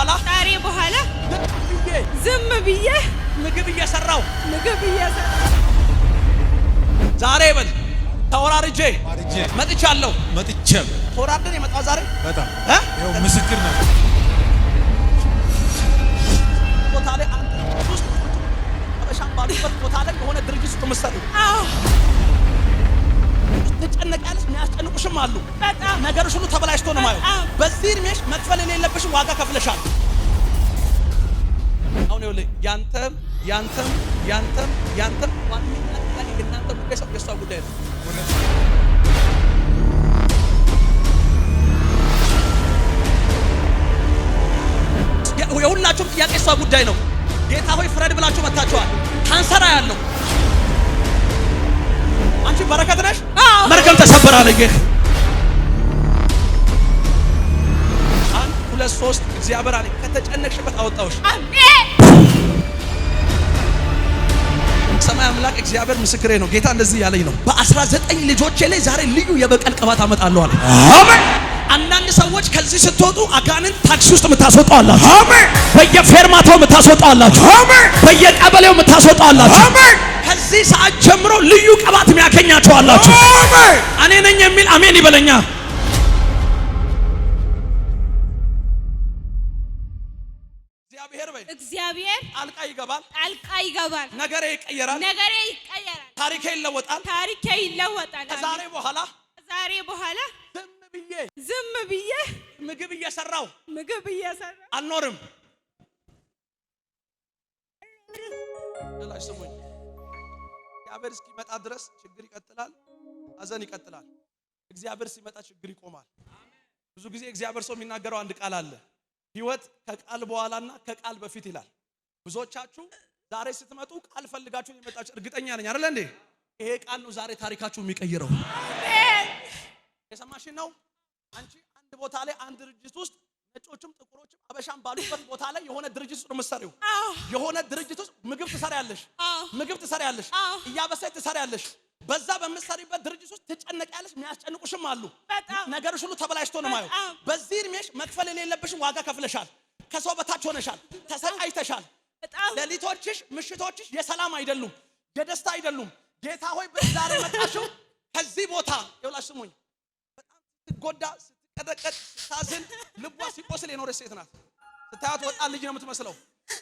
በኋላ ዛሬ በኋላ ዝም ብዬ ምግብ እየሰራው ምግብ እየሰራው ዛሬ በል ተወራርጄ መጥቻለሁ። መጥቼ ተወራርደን የመጣው ዛሬ በጣም ይኸው ምስክር ነው። ቦታ ላይ አንተ ውስጥ አበሻም ባሉበት ቦታ ላይ የሆነ ድርጅት ውስጥ ምሰሩ ትጨነቂያለሽ። የሚያስጨንቁሽም አሉ። ነገሮች ሁሉ ተበላሽቶ ነው ማለት። በዚህ እድሜሽ መክፈል የሌለብሽም ዋጋ ከፍለሻል። አሁን ይኸውልህ ያንተም ያንተም ያንተም ያንተም ዋነኛ የእናንተ ጉዳይ ሰው የእሷ ጉዳይ ነው። የሁላችሁም ጥያቄ እሷ ጉዳይ ነው። ጌታ ሆይ ፍረድ ብላችሁ መታችኋል። ካንሰራ ያለው አንቺ በረከት ነሽ። መርከም ተሰበረ አለ ጌታ። አንድ ሁለት ሶስት እግዚአብሔር አለ ከተጨነቅሽበት አወጣሁሽ። ሰማይ አምላክ እግዚአብሔር ምስክሬ ነው። ጌታ እንደዚህ ያለኝ ነው። በ በ19 ልጆቼ ላይ ዛሬ ልዩ የበቀል ቅባት አመጣለሁ አለ። አሜን አንዳንድ ሰዎች ከዚህ ስትወጡ አጋንንት ታክሲ ውስጥ የምታስወጡ አሜን። በየፌርማታው የምታስወጡ አሜን። በየቀበሌው የምታስወጡ አሜን። ከዚህ ሰዓት ጀምሮ ልዩ ቅባት የሚያገኛችሁ አላችሁ። አሜን። እኔ ነኝ የሚል አሜን ይበለኛ። እግዚአብሔር ጣልቃ ይገባል። ጣልቃ ይገባል። ነገሬ ይቀየራል። ነገሬ ይቀየራል። ታሪኬ ይለወጣል። ታሪኬ ይለወጣል። ከዛሬ በኋላ ከዛሬ በኋላ ብዬ ዝም ብዬ ምግብ እየሰራው ምግብ እየሰራ አልኖርም። ላሽ ስሙኝ፣ እግዚአብሔር እስኪመጣ ድረስ ችግር ይቀጥላል፣ ሀዘን ይቀጥላል። እግዚአብሔር ሲመጣ ችግር ይቆማል። ብዙ ጊዜ እግዚአብሔር ሰው የሚናገረው አንድ ቃል አለ፣ ህይወት ከቃል በኋላና ከቃል በፊት ይላል። ብዙዎቻችሁ ዛሬ ስትመጡ ቃል ፈልጋችሁ የመጣችሁ እርግጠኛ ነኝ አይደል እንዴ? ይሄ ቃል ነው ዛሬ ታሪካችሁ የሚቀይረው። የሰማሽን ነው አንቺ አንድ ቦታ ላይ አንድ ድርጅት ውስጥ ነጮችም ጥቁሮችም አበሻም ባሉበት ቦታ ላይ የሆነ ድርጅት ውስጥ የምትሰሪው የሆነ ድርጅት ውስጥ ምግብ ትሰሪያለሽ፣ ምግብ ትሰሪያለሽ፣ እያበሳይ ትሰሪያለሽ። በዛ በምትሰሪበት ድርጅት ውስጥ ትጨነቂያለሽ። የሚያስጨንቁሽም አሉ። ነገሮች ሁሉ ተበላሽቶ ነው ማየው። በዚህ እድሜሽ መክፈል የሌለብሽም ዋጋ ከፍለሻል። ከሰው በታች ሆነሻል። ተሰቃይተሻል። ሌሊቶችሽ፣ ምሽቶችሽ የሰላም አይደሉም፣ የደስታ አይደሉም። ጌታ ሆይ በዛሬ መጣሽው ከዚህ ቦታ የውላሽ ስሙኝ ስትጎዳ፣ ስትቀጠቀጥ፣ ስታዝን፣ ልቧ ሲቆስል የኖረች ሴት ናት። ስታያት ወጣት ልጅ ነው የምትመስለው።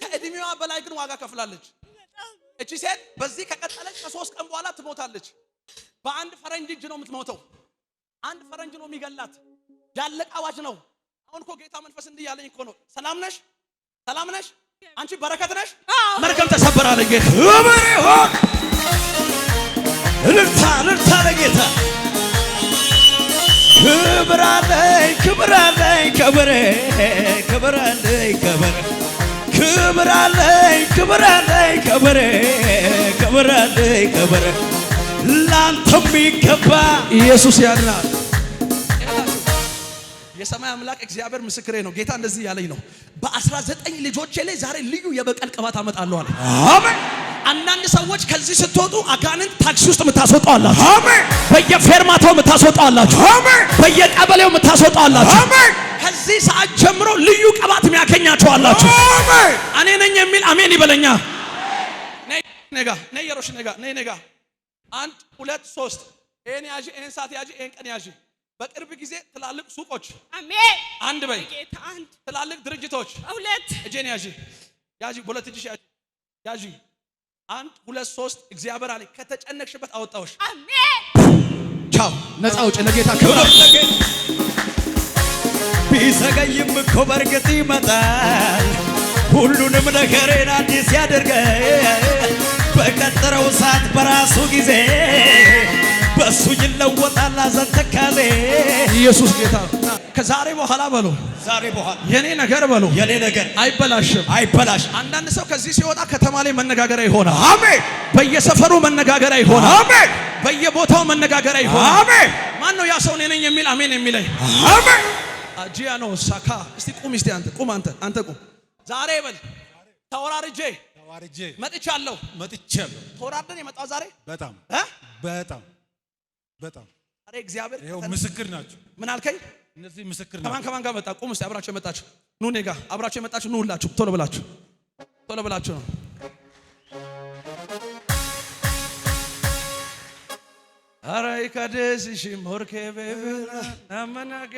ከእድሜዋ በላይ ግን ዋጋ ከፍላለች። እቺ ሴት በዚህ ከቀጠለች ከሶስት ቀን በኋላ ትሞታለች። በአንድ ፈረንጅ እጅ ነው የምትሞተው። አንድ ፈረንጅ ነው የሚገላት። ያለቀ አዋጅ ነው። አሁን እኮ ጌታ መንፈስ እንዲህ ያለኝ እኮ ነው። ሰላም ነሽ፣ ሰላም ነሽ፣ አንቺ በረከት ነሽ። መርገም ተሰበራለኝ ጌታ እልልታ እልልታ ለጌታ ክብር አለኝ ክብር አለኝ ከበረ ክብር አለኝ ከበረ ክብር አለኝ ክብር አለኝ ከበረ ክብር አለኝ ከበረ ላንተ የሚገባ ኢየሱስ ያድናል። የሰማይ አምላክ እግዚአብሔር ምስክሬ ነው። ጌታ እንደዚህ ያለኝ ነው። በአስራ ዘጠኝ ልጆቼ ላይ ዛሬ ልዩ የበቀል ቅባት አመጣለሁ አለ። አሜን አንዳንድ ሰዎች ከዚህ ስትወጡ አጋንንት ታክሲ ውስጥ የምታስወጣው አሜን። በየፌርማታው የምታስወጣው አሜን። በየቀበሌው የምታስወጣው አሜን። ከዚህ ሰዓት ጀምሮ ልዩ ቅባት የሚያገኛችሁ አላችሁ። አሜን። እኔ ነኝ የሚል አሜን ይበለኛ። ነጋ ነየሮሽ ነጋ ነይ ነጋ። አንድ ሁለት ሶስት ይሄን ያጂ ይሄን ሰዓት ያጂ ይሄን ቀን ያጂ በቅርብ ጊዜ ትላልቅ ሱቆች አሜን። አንድ በይ ትላልቅ ድርጅቶች ሁለት እጄን ያጂ ያጂ ሁለት እጅሽ ያጂ ያጂ አንድ ሁለት ሶስት እግዚአብሔር አለኝ ከተጨነቅሽበት አወጣሁሽ። አሜን። ቻው ነፃ አውጪ። ለጌታ ክብር ቢዘገይም እኮ በእርግጥ ይመጣል። ሁሉንም ነገሬን አዲስ ያደርገ በቀጠረው ሰዓት በራሱ ጊዜ በእሱ ይለወጣል ሐዘን ትካዜ ኢየሱስ ጌታ ከዛሬ በኋላ በሉ ዛሬ በኋላ የኔ ነገር በሉ የኔ ነገር አይበላሽም፣ አይበላሽም። አንዳንድ ሰው ከዚህ ሲወጣ ከተማ ላይ መነጋገሪያ ይሆናል። አሜን። በየሰፈሩ መነጋገሪያ ይሆናል። አሜን። በየቦታው መነጋገሪያ ይሆናል። አሜን። ማን ነው ያ ሰው? እኔ ነኝ የሚል አሜን የሚለኝ አሜን። አጂያኖ ሳካ። እስቲ ቁም፣ እስቲ አንተ ቁም፣ አንተ አንተ ቁም። ዛሬ በል ተወራርጄ ተወራርጄ መጥቻለሁ፣ መጥቻለሁ። ተወራርደን የመጣው ዛሬ በጣም በጣም በጣም ዛሬ እግዚአብሔር ምስክር ናቸው። ምን አልከኝ? እነዚህ ምስክር ነው። ከማን ከማን ጋር መጣ? ቁም እስቲ አብራችሁ የመጣችሁ ኑ፣ እኔ ጋር አብራችሁ የመጣችሁ ኑ፣ ሁላችሁ ቶሎ ብላችሁ ቶሎ ብላችሁ ነው። አራይ ካደስሽም ሆርኬ ቤብራ ናመናገ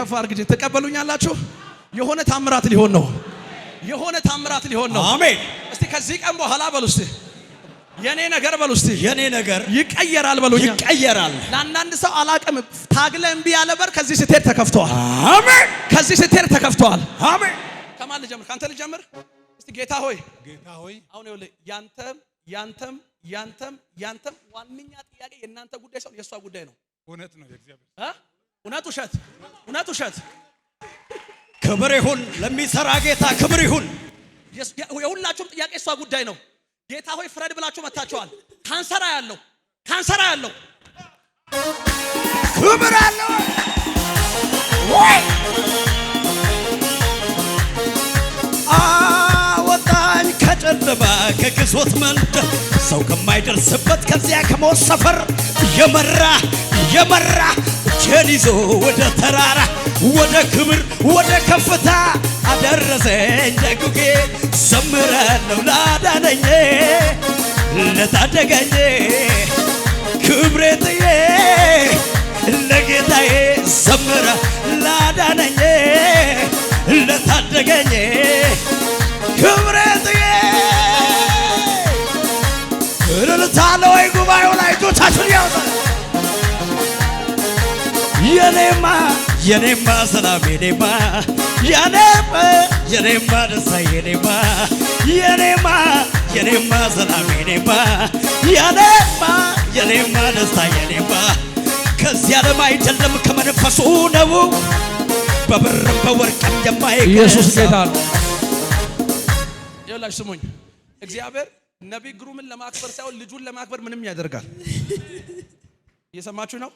ከፍ አድርግ። ተቀበሉኛላችሁ? የሆነ ታምራት ሊሆን ነው። የሆነ ታምራት ሊሆን ነው። አሜን። እስቲ ከዚህ ቀን በኋላ በሉ እስቲ የኔ ነገር በሉ እስቲ የኔ ነገር ይቀየራል በሉ ይቀየራል። ለአንዳንድ ሰው አላቅም ታግለ እምቢ ያለ በር ከዚህ ስትሄድ ተከፍተዋል። አሜን። ከዚህ ስትሄድ ተከፍተዋል። አሜን። ከማን ልጀምር? ካንተ ልጀምር። እስቲ ጌታ ሆይ ጌታ ሆይ አሁን ይኸውልህ ያንተም ያንተም ያንተም ያንተም ዋነኛ ጥያቄ የእናንተ ጉዳይ ሰው የእሷ ጉዳይ ነው። እውነት ነው እውነት ውሸት እውነት ውሸት። ክብር ይሁን ለሚሰራ ጌታ ክብር ይሁን። የሁላችሁም ጥያቄ የእሷ ጉዳይ ነው። ጌታ ሆይ ፍረድ ብላችሁ መታችኋል። ካንሰራ ያለው ካንሰራ ያለው ክብር አለው ወይ አወጣኝ ከጨለማ ከግዞት መንደር ሰው ከማይደርስበት ከዚያ ከሞት ሰፈር የመራ የመራ እጄን ይዞ ወደ ተራራ ወደ ክብር ወደ ከፍታ ደረሰኝ ጨቁቄ ዘምራለሁ ላዳነኝ ለታደገኝ ክብሬትዬ ለጌታዬ ዘምራ ላዳነኝ ለታደገኝ ክብሬትዬ እልልታለሁ ወይ ጉባኤው ላይ እጆቻችሁን ያውጣ የኔማ የኔማ ሰላም የኔማ የኔማ የኔማ ደስታ የኔማ የኔማ የኔማ ሰላም የኔማ የኔማ የኔማ ደስታ የኔማ ከዚህ ዓለም አይደለም ከመንፈሱ ነው በብርም በወርቅም የማይ ኢየሱስ ጌታ ነው። ይኸውላችሁ ስሙኝ፣ እግዚአብሔር ነቢይ ግሩምን ለማክበር ሳይሆን ልጁን ለማክበር ምንም ያደርጋል። እየሰማችሁ ነው።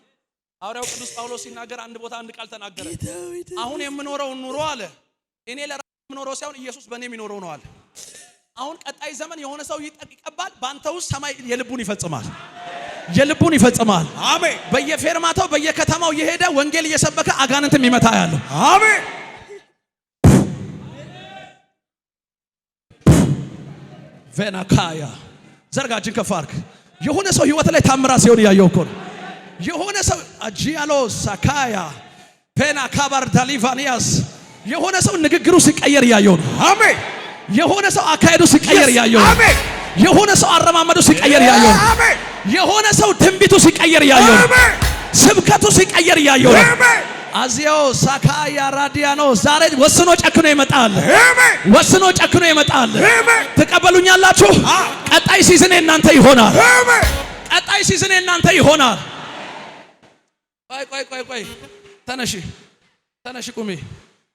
ሐዋርያው ቅዱስ ጳውሎስ ሲናገር አንድ ቦታ አንድ ቃል ተናገረ። አሁን የምኖረው ኑሮ አለ እኔ ለራሴ የምኖረው ሳይሆን ኢየሱስ በእኔ የሚኖረው ነው አለ። አሁን ቀጣይ ዘመን የሆነ ሰው ይቀባል። በአንተ ውስጥ ሰማይ የልቡን ይፈጽማል፣ የልቡን ይፈጽማል። አሜን። በየፌርማታው በየከተማው እየሄደ ወንጌል እየሰበከ አጋንንትም ይመታ ያለ። አሜን። ቬናካያ ዘርጋጅን ከፋርክ የሆነ ሰው ህይወት ላይ ታምራ ሲሆን እያየው እኮ ነው። የሆነ ሰው አጂያሎ ሳካያ ፔና ካባር ዳሊቫኒያስ የሆነ ሰው ንግግሩ ሲቀየር ያየው ነው። አሜን። የሆነ ሰው አካሄዱ ሲቀየር ያየው ነው። አሜን። የሆነ ሰው አረማመዱ ሲቀየር ያየው ነው። አሜን። የሆነ ሰው ትንቢቱ ሲቀየር ያየው ነው። አሜን። ስብከቱ ሲቀየር ያየው ነው። አሜን። አዚያው ሳካያ ራዲያኖ ዛሬ ወስኖ ጨክኖ ይመጣል። ወስኖ ጨክኖ ይመጣል። ተቀበሉኛላችሁ ቀጣይ ሲዝኔ እናንተ ይሆናል። ቀጣይ ሲዝኔ እናንተ ይሆናል። ቆይ ቆይ ቆይ ቆይ፣ ተነሺ ተነሺ፣ ቁሚ።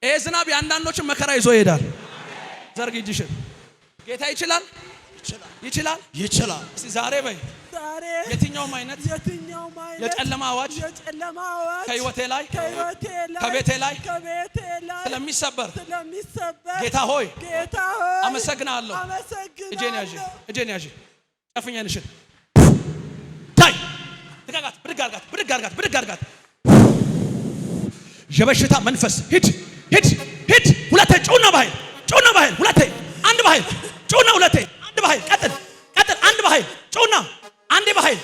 ይሄ ዝናብ የአንዳንዶችን መከራ ይዞ ይሄዳል። ዘርግ እጅሽን። ጌታ ይችላል ይችላል ይችላል። እስቲ ዛሬ በይ የትኛውም አይነት የጨለማ አዋጅ ከህይወቴ ላይ ከቤቴ ላይ ስለሚሰበር ጌታ ሆይ አመሰግናለሁ። እጄን ያዥ እጄን ያዥ። ጨፍኝ ዓይንሽን ታይ። ብድግ አድርጋት ብድግ አድርጋት ብድግ አድርጋት ብድግ አድርጋት የበሽታ መንፈስ ሂድ ሂድ ሂድ። ሁለቴ ጮና በኃይል ጮና በኃይል ሁለቴ አንድ በኃይል ጮና ሁለቴ አንድ በኃይል ቀጥል ቀጥል አንድ በኃይል ጮና አንዴ በኃይል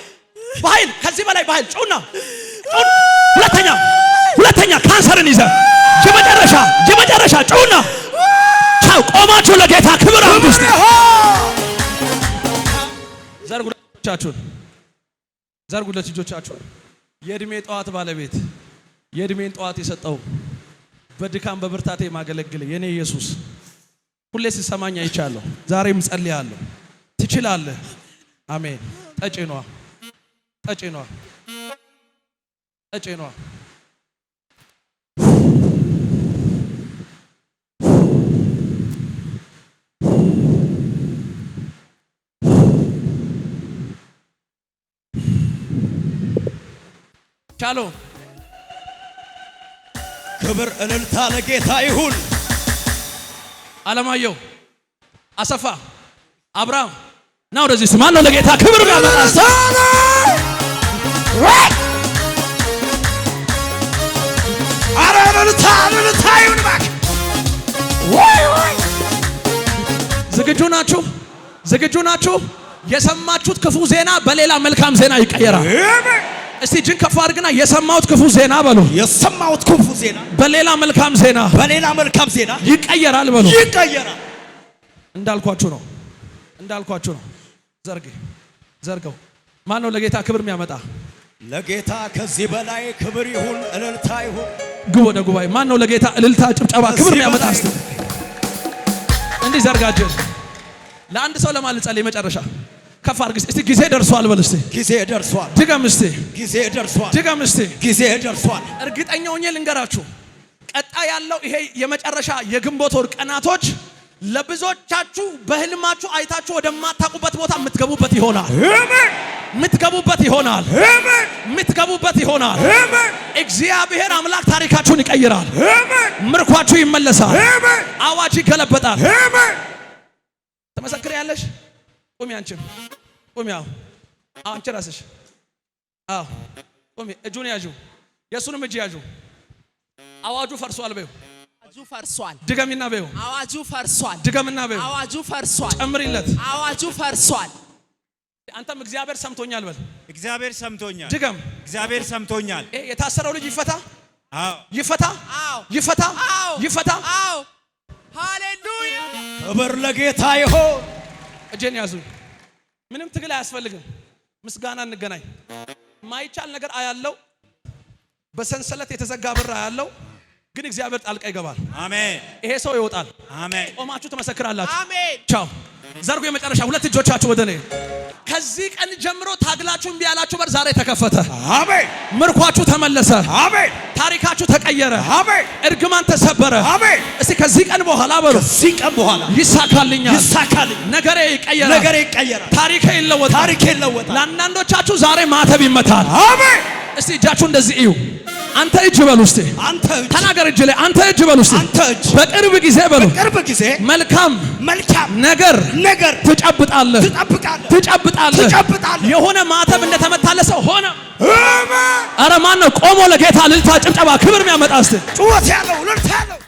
በኃይል ከዚህ በላይ በኃይል ጮና ሁለተኛ ሁለተኛ ካንሰርን ይዘ የመጨረሻ የመጨረሻ ጮና ቻው። ቆማችሁ ለጌታ ክብር አንዱስ ዘርጉ ዘርጉለት ልጆቻችሁን የእድሜ ጠዋት ባለቤት የእድሜን ጠዋት የሰጠው በድካም በብርታቴ የማገለግል የኔ ኢየሱስ ሁሌ ሲሰማኝ አይቻለሁ። ዛሬም ጸልያለሁ። ትችላለህ። አሜን። ጠጭኗ ጠጭኗ ጠጭኗ ቻሎ ክብር እልልታ ለጌታ ይሁን። አለማየሁ አሰፋ አብርሃም ና ወደዚህ ስማ ነው ለጌታ ክብር ዝግጁ ናችሁ? ዝግጁ ናችሁ? የሰማችሁት ክፉ ዜና በሌላ መልካም ዜና ይቀየራል። እስቲ እጅን ከፍ አድርግና የሰማሁት ክፉ ዜና በሉ። የሰማሁት ክፉ ዜና በሌላ መልካም ዜና በሌላ መልካም ዜና ይቀየራል በሉ። ይቀየራል። እንዳልኳችሁ ነው፣ እንዳልኳችሁ ነው። ዘርግ ዘርገው። ማን ነው ለጌታ ክብር የሚያመጣ? ለጌታ ከዚህ በላይ ክብር ይሁን፣ እልልታ ይሁን። ግብ ወደ ጉባኤ። ማን ነው ለጌታ እልልታ፣ ጭብጨባ፣ ክብር የሚያመጣ? እስቲ እንዲህ ዘርጋጀ ለአንድ ሰው ለማልጸል መጨረሻ ከፍ አድርግ እስቲ። ጊዜ ደርሷል በል እስቲ። ጊዜ ደርሷል። ድገም እስቲ። ጊዜ ደርሷል። ድገም እስቲ። ጊዜ ደርሷል። እርግጠኛ ሆኜ ልንገራችሁ ቀጣይ ያለው ይሄ የመጨረሻ የግንቦት ወር ቀናቶች ለብዙዎቻችሁ በህልማችሁ አይታችሁ ወደማታውቁበት ቦታ የምትገቡበት ይሆናል። የምትገቡበት ይሆናል። የምትገቡበት ይሆናል። እግዚአብሔር አምላክ ታሪካችሁን ይቀይራል። ምርኳችሁ ይመለሳል። አዋጅ ይገለበጣል። ተመሰክር ያለሽ ቁሚ፣ አንቺም ቁሚ። አዎ፣ አንቺ ራስሽ አዎ፣ ቁሚ። እጁን ያዡ፣ የእሱንም እጅ ያዡ። አዋጁ ፈርሷል በይው አዋጁ ፈርሷል። ድገሚና በይው። አዋጁ ፈርሷል። ድገምና በይው። አዋጁ ፈርሷል። ጨምሪለት። አዋጁ ፈርሷል። አንተም እግዚአብሔር ሰምቶኛል በል። እግዚአብሔር ሰምቶኛል። ድገም። እግዚአብሔር ሰምቶኛል። የታሰረው ልጅ ይፈታ። አዎ ይፈታ። አዎ ይፈታ። አዎ ይፈታ። አዎ ሃሌሉያ። ክብር ለጌታ ይሁን። እጄን ያዙ ምንም ትግል አያስፈልግም። ምስጋና እንገናኝ። ማይቻል ነገር አያለው። በሰንሰለት የተዘጋ ብር አያለው። ግን እግዚአብሔር ጣልቃ ይገባል። አሜን። ይሄ ሰው ይወጣል። አሜን። ቆማችሁ ትመሰክራላችሁ። አሜን። ቻው ዘርጉ የመጨረሻ ሁለት እጆቻችሁ ወደ እኔ። ከዚህ ቀን ጀምሮ ታግላችሁ እምቢ ያላችሁ በር ዛሬ ተከፈተ። አሜን። ምርኳችሁ ተመለሰ። አሜን። ታሪካችሁ ተቀየረ። አሜን። እርግማን ተሰበረ። አሜን። እስቲ ከዚህ ቀን በኋላ በሩ ከዚህ ቀን በኋላ ይሳካልኛል፣ ይሳካልኝ፣ ነገሬ ይቀየራል፣ ነገሬ ይቀየራል፣ ታሪኬ ይለወጣል፣ ታሪኬ ይለወጣል። ለአንዳንዶቻችሁ ዛሬ ማተብ ይመታል። አሜን። እስቲ እጃችሁ እንደዚህ እዩ። አንተ እጅ በል ውስጥ አንተ እጅ ተናገር እጅ ላይ አንተ እጅ በል ውስጥ አንተ እጅ በቅርብ ጊዜ በል በቅርብ ጊዜ መልካም መልካም ነገር ነገር ትጨብጣለህ ትጨብጣለህ ትጨብጣለህ የሆነ ማተብ እንደተመታለ ሰው ሆነ። አረ ማን ነው ቆሞ ለጌታ ልልታ ጭብጨባ ክብር የሚያመጣ እስቲ ጩኸት ያለው ልልታ ያለው